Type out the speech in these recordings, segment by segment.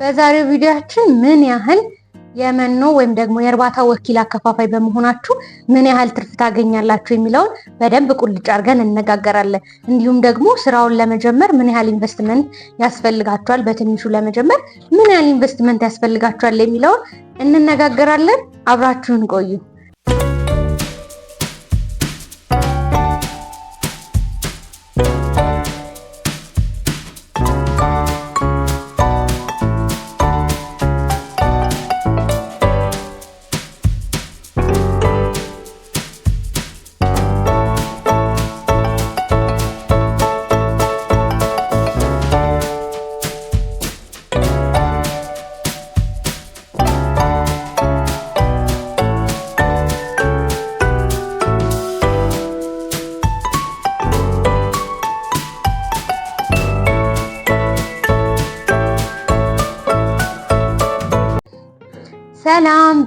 በዛሬው ቪዲያችን ምን ያህል የመኖ ወይም ደግሞ የእርባታ ወኪል አከፋፋይ በመሆናችሁ ምን ያህል ትርፍ ታገኛላችሁ የሚለውን በደንብ ቁልጭ አድርገን እነጋገራለን። እንዲሁም ደግሞ ስራውን ለመጀመር ምን ያህል ኢንቨስትመንት ያስፈልጋችኋል፣ በትንሹ ለመጀመር ምን ያህል ኢንቨስትመንት ያስፈልጋችኋል የሚለውን እንነጋገራለን። አብራችሁን ቆዩ።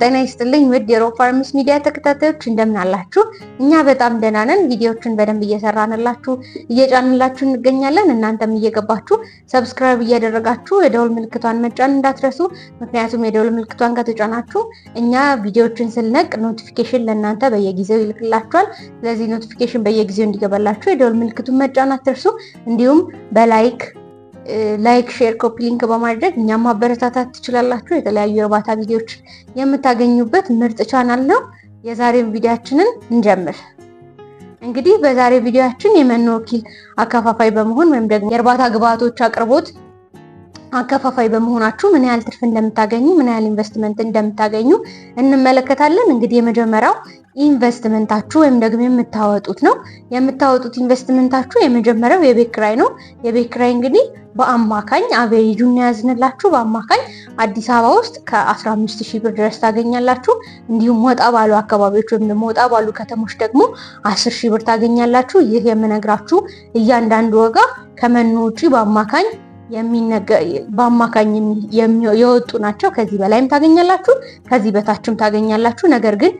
ጤና ይስጥልኝ ውድ ፋርምስ ሚዲያ ተከታታዮች እንደምን አላችሁ? እኛ በጣም ደህና ነን። ቪዲዮዎችን በደንብ እየሰራንላችሁ እየጫንላችሁ እንገኛለን። እናንተም እየገባችሁ ሰብስክራይብ እያደረጋችሁ የደውል ምልክቷን መጫን እንዳትረሱ። ምክንያቱም የደውል ምልክቷን ከተጫናችሁ እኛ ቪዲዮዎችን ስንለቅ ኖቲፊኬሽን ለእናንተ በየጊዜው ይልክላችኋል። ስለዚህ ኖቲፊኬሽን በየጊዜው እንዲገባላችሁ የደውል ምልክቱን መጫን አትርሱ። እንዲሁም በላይክ ላይክ፣ ሼር፣ ኮፒ ሊንክ በማድረግ እኛም ማበረታታት ትችላላችሁ። የተለያዩ የእርባታ ቪዲዮዎች የምታገኙበት ምርጥ ቻናል ነው። የዛሬን ቪዲያችንን እንጀምር። እንግዲህ በዛሬ ቪዲዮያችን የመኖ ወኪል አከፋፋይ በመሆን ወይም ደግሞ የእርባታ ግብዓቶች አቅርቦት አከፋፋይ በመሆናችሁ ምን ያህል ትርፍ እንደምታገኙ ምን ያህል ኢንቨስትመንት እንደምታገኙ እንመለከታለን። እንግዲህ የመጀመሪያው ኢንቨስትመንታችሁ ወይም ደግሞ የምታወጡት ነው። የምታወጡት ኢንቨስትመንታችሁ የመጀመሪያው የቤት ኪራይ ነው። የቤት ኪራይ እንግዲህ በአማካኝ አቬሬጁን ያዝንላችሁ በአማካኝ አዲስ አበባ ውስጥ ከ15 ሺህ ብር ድረስ ታገኛላችሁ። እንዲሁም ወጣ ባሉ አካባቢዎች ወይም ደግሞ ወጣ ባሉ ከተሞች ደግሞ 10 ሺህ ብር ታገኛላችሁ። ይህ የምነግራችሁ እያንዳንዱ ዋጋ ከመኖ ውጪ በአማካኝ በአማካኝ የወጡ ናቸው። ከዚህ በላይም ታገኛላችሁ፣ ከዚህ በታችም ታገኛላችሁ። ነገር ግን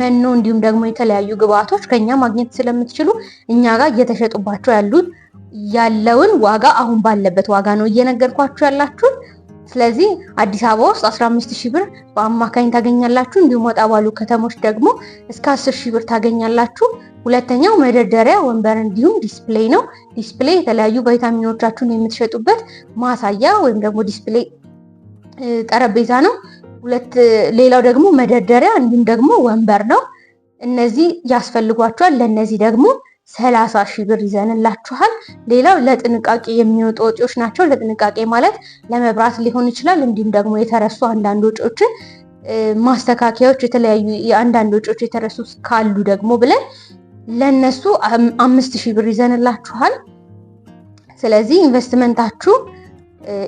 መኖ እንዲሁም ደግሞ የተለያዩ ግብአቶች ከኛ ማግኘት ስለምትችሉ እኛ ጋር እየተሸጡባቸው ያሉት ያለውን ዋጋ አሁን ባለበት ዋጋ ነው እየነገርኳችሁ ያላችሁት። ስለዚህ አዲስ አበባ ውስጥ 15 ሺህ ብር በአማካኝ ታገኛላችሁ። እንዲሁም ወጣ ባሉ ከተሞች ደግሞ እስከ 10 ሺህ ብር ታገኛላችሁ። ሁለተኛው መደርደሪያ ወንበር እንዲሁም ዲስፕሌይ ነው። ዲስፕሌይ የተለያዩ ቫይታሚኖቻችሁን የምትሸጡበት ማሳያ ወይም ደግሞ ዲስፕሌይ ጠረጴዛ ነው። ሁለት ሌላው ደግሞ መደርደሪያ እንዲሁም ደግሞ ወንበር ነው። እነዚህ ያስፈልጓቸዋል። ለእነዚህ ደግሞ ሰላሳ ሺህ ብር ይዘንላችኋል። ሌላው ለጥንቃቄ የሚወጡ ወጪዎች ናቸው። ለጥንቃቄ ማለት ለመብራት ሊሆን ይችላል። እንዲሁም ደግሞ የተረሱ አንዳንድ ወጪዎችን ማስተካከያዎች፣ የተለያዩ የአንዳንድ ወጪዎች የተረሱ ካሉ ደግሞ ብለን ለነሱ አምስት ሺህ ብር ይዘንላችኋል። ስለዚህ ኢንቨስትመንታችሁ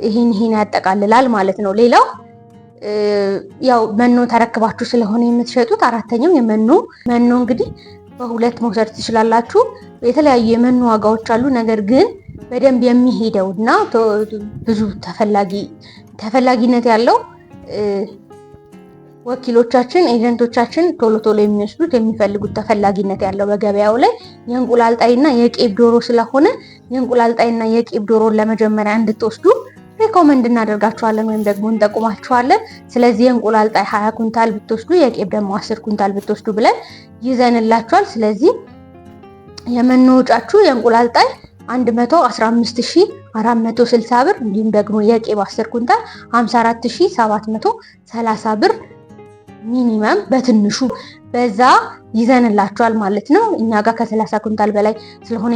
ይህን ይህን ያጠቃልላል ማለት ነው። ሌላው ያው መኖ ተረክባችሁ ስለሆነ የምትሸጡት አራተኛው የመኖ መኖ እንግዲህ በሁለት መውሰድ ትችላላችሁ። የተለያዩ የመኖ ዋጋዎች አሉ። ነገር ግን በደንብ የሚሄደው እና ብዙ ተፈላጊ ተፈላጊነት ያለው ወኪሎቻችን ኤጀንቶቻችን ቶሎ ቶሎ የሚወስዱት የሚፈልጉት ተፈላጊነት ያለው በገበያው ላይ የእንቁላል ጣይና የቄብ ዶሮ ስለሆነ የእንቁላል ጣይና የቄብ ዶሮን ለመጀመሪያ እንድትወስዱ ሪኮመንድ እናደርጋችኋለን ወይም ደግሞ እንጠቁማችኋለን። ስለዚህ የእንቁላል ጣይ 20 ኩንታል ብትወስዱ የቄብ ደግሞ አስር ኩንታል ብትወስዱ ብለን ይዘንላችኋል። ስለዚህ የመኖ የእንቁላል ጣይ 115460 ብር እንዲሁም ደግሞ የቄብ 10 ኩንታል 54730 ብር ሚኒመም በትንሹ በዛ ይዘንላችኋል ማለት ነው። እኛ ጋር ከ30 ኩንታል በላይ ስለሆነ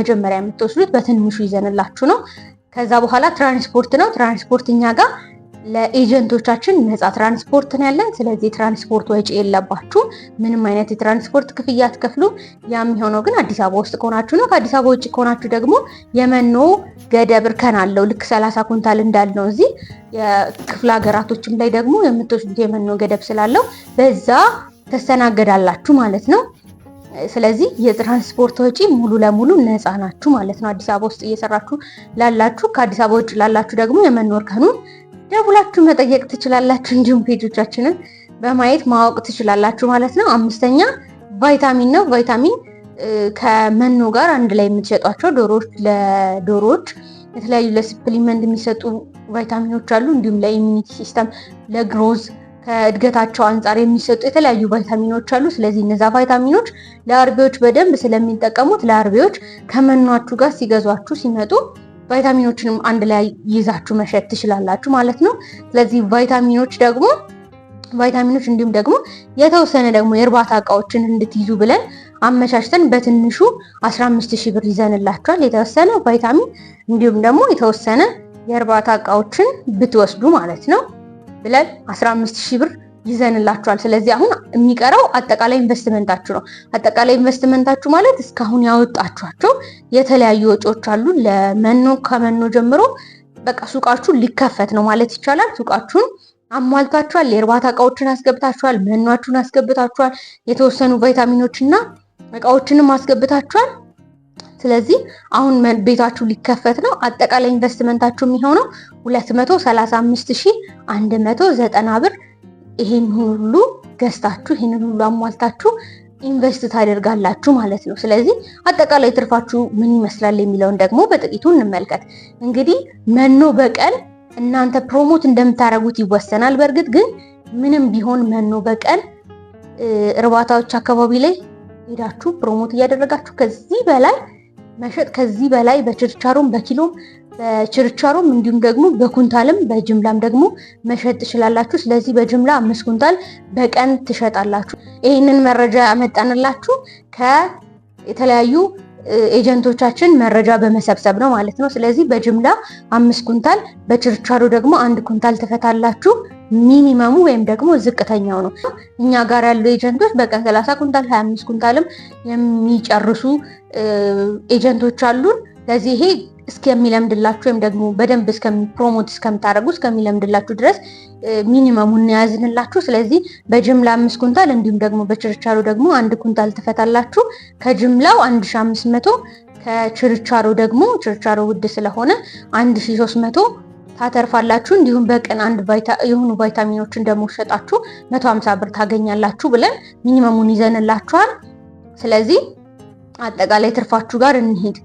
መጀመሪያ የምትወስዱት በትንሹ ይዘንላችሁ ነው። ከዛ በኋላ ትራንስፖርት ነው። ትራንስፖርት እኛ ጋር ለኤጀንቶቻችን ነፃ ትራንስፖርት ነው ያለን። ስለዚህ ትራንስፖርት ወጪ የለባችሁ ምንም አይነት የትራንስፖርት ክፍያ አትከፍሉ። ያ የሚሆነው ግን አዲስ አበባ ውስጥ ከሆናችሁ ነው። ከአዲስ አበባ ውጭ ከሆናችሁ ደግሞ የመኖ ገደብ እርከን አለው። ልክ ሰላሳ ኩንታል እንዳልነው እዚህ የክፍለ ሀገራቶችም ላይ ደግሞ የምትወስዱት የመኖ ገደብ ስላለው በዛ ተስተናገዳላችሁ ማለት ነው። ስለዚህ የትራንስፖርት ወጪ ሙሉ ለሙሉ ነፃ ናችሁ ማለት ነው። አዲስ አበባ ውስጥ እየሰራችሁ ላላችሁ፣ ከአዲስ አበባ ውጭ ላላችሁ ደግሞ የመኖር ቀኑን ደውላችሁ መጠየቅ ትችላላችሁ። እንዲሁም ፔጆቻችንን በማየት ማወቅ ትችላላችሁ ማለት ነው። አምስተኛ ቫይታሚን ነው። ቫይታሚን ከመኖ ጋር አንድ ላይ የምትሸጧቸው ዶሮዎች ለዶሮዎች የተለያዩ ለስፕሊመንት የሚሰጡ ቫይታሚኖች አሉ። እንዲሁም ለኢሚኒቲ ሲስተም ለግሮዝ ከእድገታቸው አንጻር የሚሰጡ የተለያዩ ቫይታሚኖች አሉ። ስለዚህ እነዛ ቫይታሚኖች ለአርቢዎች በደንብ ስለሚጠቀሙት ለአርቢዎች ከመኗችሁ ጋር ሲገዟችሁ ሲመጡ ቫይታሚኖችንም አንድ ላይ ይዛችሁ መሸጥ ትችላላችሁ ማለት ነው። ስለዚህ ቫይታሚኖች ደግሞ ቫይታሚኖች እንዲሁም ደግሞ የተወሰነ ደግሞ የእርባታ እቃዎችን እንድትይዙ ብለን አመቻችተን በትንሹ 15 ሺ ብር ይዘንላችኋል። የተወሰነ ቫይታሚን እንዲሁም ደግሞ የተወሰነ የእርባታ እቃዎችን ብትወስዱ ማለት ነው። ብለን 15 ሺህ ብር ይዘንላችኋል። ስለዚህ አሁን የሚቀረው አጠቃላይ ኢንቨስትመንታችሁ ነው። አጠቃላይ ኢንቨስትመንታችሁ ማለት እስካሁን ያወጣችኋቸው የተለያዩ ወጪዎች አሉ። ለመኖ ከመኖ ጀምሮ በቃ ሱቃችሁ ሊከፈት ነው ማለት ይቻላል። ሱቃችሁን አሟልታችኋል። የእርባታ እቃዎችን አስገብታችኋል። መኗችሁን አስገብታችኋል። የተወሰኑ ቫይታሚኖች እና እቃዎችንም አስገብታችኋል። ስለዚህ አሁን ቤታችሁ ሊከፈት ነው። አጠቃላይ ኢንቨስትመንታችሁ የሚሆነው 235190 ብር። ይህን ሁሉ ገዝታችሁ ይህንን ሁሉ አሟልታችሁ ኢንቨስት ታደርጋላችሁ ማለት ነው። ስለዚህ አጠቃላይ ትርፋችሁ ምን ይመስላል የሚለውን ደግሞ በጥቂቱ እንመልከት። እንግዲህ መኖ በቀን እናንተ ፕሮሞት እንደምታደርጉት ይወሰናል። በእርግጥ ግን ምንም ቢሆን መኖ በቀን እርባታዎች አካባቢ ላይ ሄዳችሁ ፕሮሞት እያደረጋችሁ ከዚህ በላይ መሸጥ ከዚህ በላይ በችርቻሮም በኪሎም በችርቻሮም እንዲሁም ደግሞ በኩንታልም በጅምላም ደግሞ መሸጥ ትችላላችሁ። ስለዚህ በጅምላ አምስት ኩንታል በቀን ትሸጣላችሁ። ይህንን መረጃ ያመጣንላችሁ ከየተለያዩ ኤጀንቶቻችን መረጃ በመሰብሰብ ነው ማለት ነው። ስለዚህ በጅምላ አምስት ኩንታል በችርቻሮ ደግሞ አንድ ኩንታል ትፈታላችሁ። ሚኒመሙ ወይም ደግሞ ዝቅተኛው ነው። እኛ ጋር ያሉ ኤጀንቶች በቀን 30 ኩንታል 25 ኩንታልም የሚጨርሱ ኤጀንቶች አሉን። ለዚህ ይሄ እስከሚለምድላችሁ ወይም ደግሞ በደንብ ፕሮሞት እስከምታደርጉ እስከሚለምድላችሁ ድረስ ሚኒመሙ እናያዝንላችሁ። ስለዚህ በጅምላ አምስት ኩንታል እንዲሁም ደግሞ በችርቻሮ ደግሞ አንድ ኩንታል ትፈታላችሁ። ከጅምላው አንድ ሺ አምስት መቶ ከችርቻሮ ደግሞ ችርቻሮ ውድ ስለሆነ አንድ ሺ ሶስት መቶ ታተርፋላችሁ እንዲሁም በቀን አንድ የሆኑ ቫይታሚኖችን ደግሞ ሸጣችሁ መቶ ሀምሳ ብር ታገኛላችሁ ብለን ሚኒመሙን ይዘንላችኋል። ስለዚህ አጠቃላይ ትርፋችሁ ጋር እንሂድ።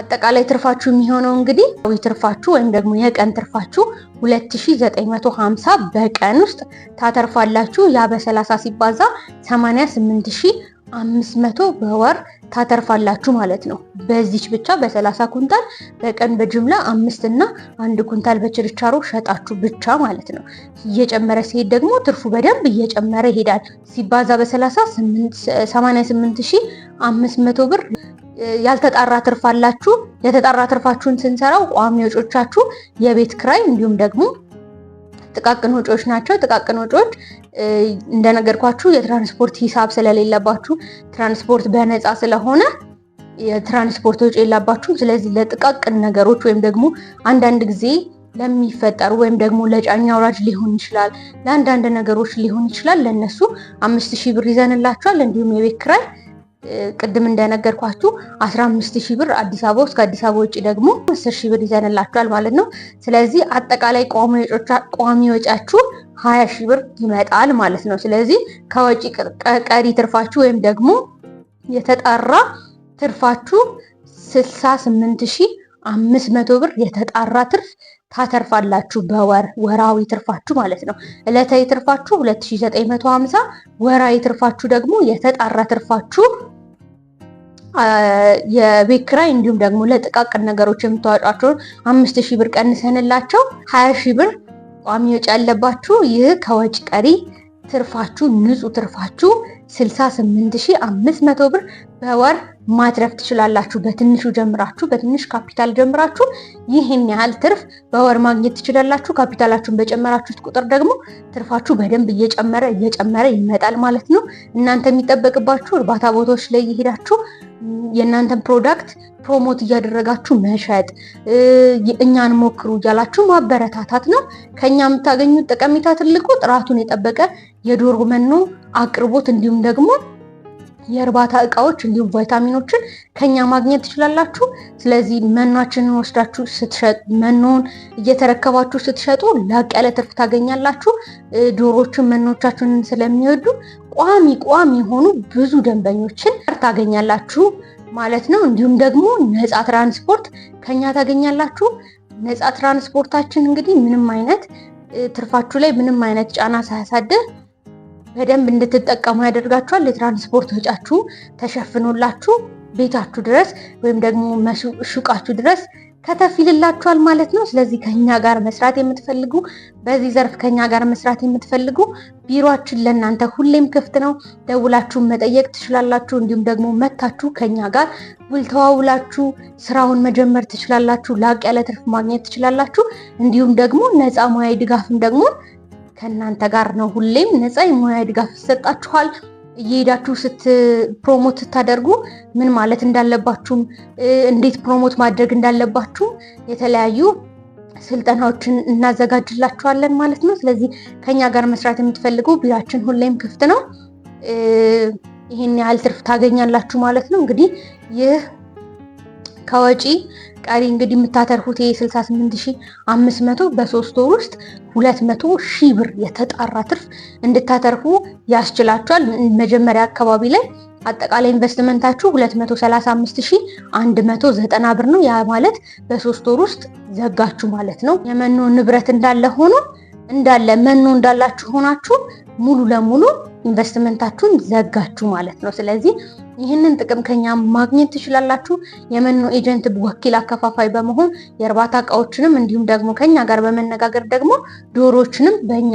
አጠቃላይ ትርፋችሁ የሚሆነው እንግዲህ ትርፋችሁ ወይም ደግሞ የቀን ትርፋችሁ 2950 በቀን ውስጥ ታተርፋላችሁ። ያ በ30 ሲባዛ አምስት መቶ በወር ታተርፋላችሁ ማለት ነው። በዚች ብቻ በሰላሳ ኩንታል በቀን በጅምላ አምስት እና አንድ ኩንታል በችርቻሮ ሸጣችሁ ብቻ ማለት ነው። እየጨመረ ሲሄድ ደግሞ ትርፉ በደንብ እየጨመረ ይሄዳል። ሲባዛ በሰላሳ ሰማንያ ስምንት ሺህ አምስት መቶ ብር ያልተጣራ ትርፋላችሁ። የተጣራ ትርፋችሁን ስንሰራው ቋሚ ወጮቻችሁ የቤት ክራይ እንዲሁም ደግሞ ጥቃቅን ወጪዎች ናቸው። ጥቃቅን ወጪዎች እንደነገርኳችሁ የትራንስፖርት ሂሳብ ስለሌለባችሁ ትራንስፖርት በነፃ ስለሆነ የትራንስፖርት ወጪ የላባችሁም። ስለዚህ ለጥቃቅን ነገሮች ወይም ደግሞ አንዳንድ ጊዜ ለሚፈጠሩ ወይም ደግሞ ለጫኝ አውራጅ ሊሆን ይችላል፣ ለአንዳንድ ነገሮች ሊሆን ይችላል። ለእነሱ አምስት ሺህ ብር ይዘንላቸዋል። እንዲሁም የቤት ኪራይ ቅድም እንደነገርኳችሁ አስራ አምስት ሺህ ብር አዲስ አበባ ውስጥ ከአዲስ አበባ ውጭ ደግሞ አስር ሺህ ብር ይዘንላችኋል ማለት ነው። ስለዚህ አጠቃላይ ቋሚ ወጫችሁ ሀያ ሺህ ብር ይመጣል ማለት ነው። ስለዚህ ከወጪ ቀሪ ትርፋችሁ ወይም ደግሞ የተጣራ ትርፋችሁ ስልሳ ስምንት ሺህ አምስት መቶ ብር የተጣራ ትርፍ ታተርፋላችሁ በወር ወራዊ ትርፋችሁ ማለት ነው። እለታዊ ትርፋችሁ 2950፣ ወራዊ ትርፋችሁ ደግሞ የተጣራ ትርፋችሁ የቤት እንዲሁም ደግሞ ለጥቃቅን ነገሮች የምታወጫቸውን አምስት ሺህ ብር ቀንሰንላቸው ሀያ ሺህ ብር ቋሚ ወጪ ያለባችሁ ይህ ከወጪ ቀሪ ትርፋችሁ ንጹህ ትርፋችሁ 68500 ብር በወር ማትረፍ ትችላላችሁ። በትንሹ ጀምራችሁ በትንሽ ካፒታል ጀምራችሁ ይህን ያህል ትርፍ በወር ማግኘት ትችላላችሁ። ካፒታላችሁን በጨመራችሁት ቁጥር ደግሞ ትርፋችሁ በደንብ እየጨመረ እየጨመረ ይመጣል ማለት ነው። እናንተ የሚጠበቅባችሁ እርባታ ቦታዎች ላይ እየሄዳችሁ የእናንተን ፕሮዳክት ፕሮሞት እያደረጋችሁ መሸጥ፣ እኛን ሞክሩ እያላችሁ ማበረታታት ነው። ከኛ የምታገኙት ጠቀሜታ ትልቁ ጥራቱን የጠበቀ የዶሮ መኖ አቅርቦት እንዲሁም ደግሞ የእርባታ እቃዎች እንዲሁም ቫይታሚኖችን ከኛ ማግኘት ትችላላችሁ። ስለዚህ መኗችንን ወስዳችሁ መኖን እየተረከባችሁ ስትሸጡ ላቅ ያለ ትርፍ ታገኛላችሁ። ዶሮዎችን መኖቻችንን ስለሚወዱ ቋሚ ቋሚ የሆኑ ብዙ ደንበኞችን ታገኛላችሁ ማለት ነው። እንዲሁም ደግሞ ነፃ ትራንስፖርት ከኛ ታገኛላችሁ። ነፃ ትራንስፖርታችን እንግዲህ ምንም አይነት ትርፋችሁ ላይ ምንም አይነት ጫና ሳያሳድር በደንብ እንድትጠቀሙ ያደርጋችኋል። የትራንስፖርት ወጫችሁ ተሸፍኖላችሁ ቤታችሁ ድረስ ወይም ደግሞ ሹቃችሁ ድረስ ከተፍ ይልላችኋል ማለት ነው። ስለዚህ ከኛ ጋር መስራት የምትፈልጉ በዚህ ዘርፍ ከኛ ጋር መስራት የምትፈልጉ ቢሮችን ለእናንተ ሁሌም ክፍት ነው። ደውላችሁ መጠየቅ ትችላላችሁ። እንዲሁም ደግሞ መታችሁ ከኛ ጋር ውል ተዋውላችሁ ስራውን መጀመር ትችላላችሁ። ላቅ ያለ ትርፍ ማግኘት ትችላላችሁ። እንዲሁም ደግሞ ነፃ ሙያዊ ድጋፍም ደግሞ ከእናንተ ጋር ነው። ሁሌም ነፃ የሙያ ድጋፍ ይሰጣችኋል። እየሄዳችሁ ስት ፕሮሞት ስታደርጉ ምን ማለት እንዳለባችሁም እንዴት ፕሮሞት ማድረግ እንዳለባችሁም የተለያዩ ስልጠናዎችን እናዘጋጅላችኋለን ማለት ነው። ስለዚህ ከኛ ጋር መስራት የምትፈልጉ ቢራችን ሁሌም ክፍት ነው። ይህን ያህል ትርፍ ታገኛላችሁ ማለት ነው። እንግዲህ ይህ ከወጪ ቀሪ እንግዲህ የምታተርፉት የ 500 በሶስት ወር ውስጥ 200 ሺህ ብር የተጣራ ትርፍ እንድታተርፉ ያስችላችኋል። መጀመሪያ አካባቢ ላይ አጠቃላይ ኢንቨስትመንታችሁ 235190 ብር ነው። ያ ማለት በሶስት ወር ውስጥ ዘጋችሁ ማለት ነው። የመኖ ንብረት እንዳለ ሆኖ እንዳለ መኖ እንዳላችሁ ሆናችሁ ሙሉ ለሙሉ ኢንቨስትመንታችሁን ዘጋችሁ ማለት ነው። ስለዚህ ይህንን ጥቅም ከኛ ማግኘት ትችላላችሁ። የመኖ ኤጀንት ወኪል አከፋፋይ በመሆን የእርባታ እቃዎችንም እንዲሁም ደግሞ ከኛ ጋር በመነጋገር ደግሞ ዶሮዎችንም በእኛ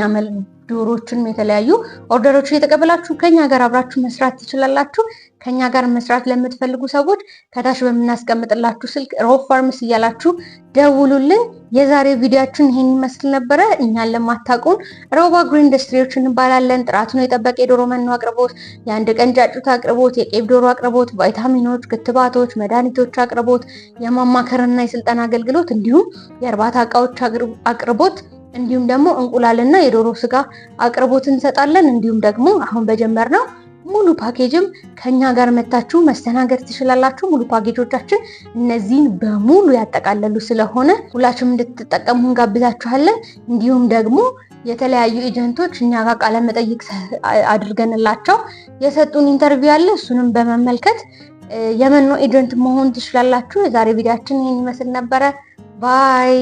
ዶሮዎችንም የተለያዩ ኦርደሮች እየተቀበላችሁ ከኛ ጋር አብራችሁ መስራት ትችላላችሁ። ከኛ ጋር መስራት ለምትፈልጉ ሰዎች ከታች በምናስቀምጥላችሁ ስልክ ሮብ ፋርምስ እያላችሁ ደውሉልን። የዛሬው ቪዲዮችን ይሄን ይመስል ነበረ። እኛን ለማታውቁን ሮባ አግሮ ኢንዱስትሪዎች እንባላለን። ጥራቱን የጠበቀ የዶሮ መኖ አቅርቦት፣ የአንድ ቀን ጫጩት አቅርቦት፣ የቄብ ዶሮ አቅርቦት፣ ቫይታሚኖች፣ ክትባቶች፣ መድኃኒቶች አቅርቦት፣ የማማከርና የስልጠና አገልግሎት እንዲሁም የእርባታ እቃዎች አቅርቦት እንዲሁም ደግሞ እንቁላልና የዶሮ ስጋ አቅርቦት እንሰጣለን። እንዲሁም ደግሞ አሁን በጀመርነው ሙሉ ፓኬጅም ከኛ ጋር መታችሁ መስተናገድ ትችላላችሁ። ሙሉ ፓኬጆቻችን እነዚህን በሙሉ ያጠቃለሉ ስለሆነ ሁላችሁም እንድትጠቀሙ እንጋብዛችኋለን። እንዲሁም ደግሞ የተለያዩ ኤጀንቶች እኛ ጋር ቃለ መጠይቅ አድርገንላቸው የሰጡን ኢንተርቪው አለ። እሱንም በመመልከት የመኖ ኤጀንት መሆን ትችላላችሁ። የዛሬ ቪዲያችን ይህን ይመስል ነበረ። ባይ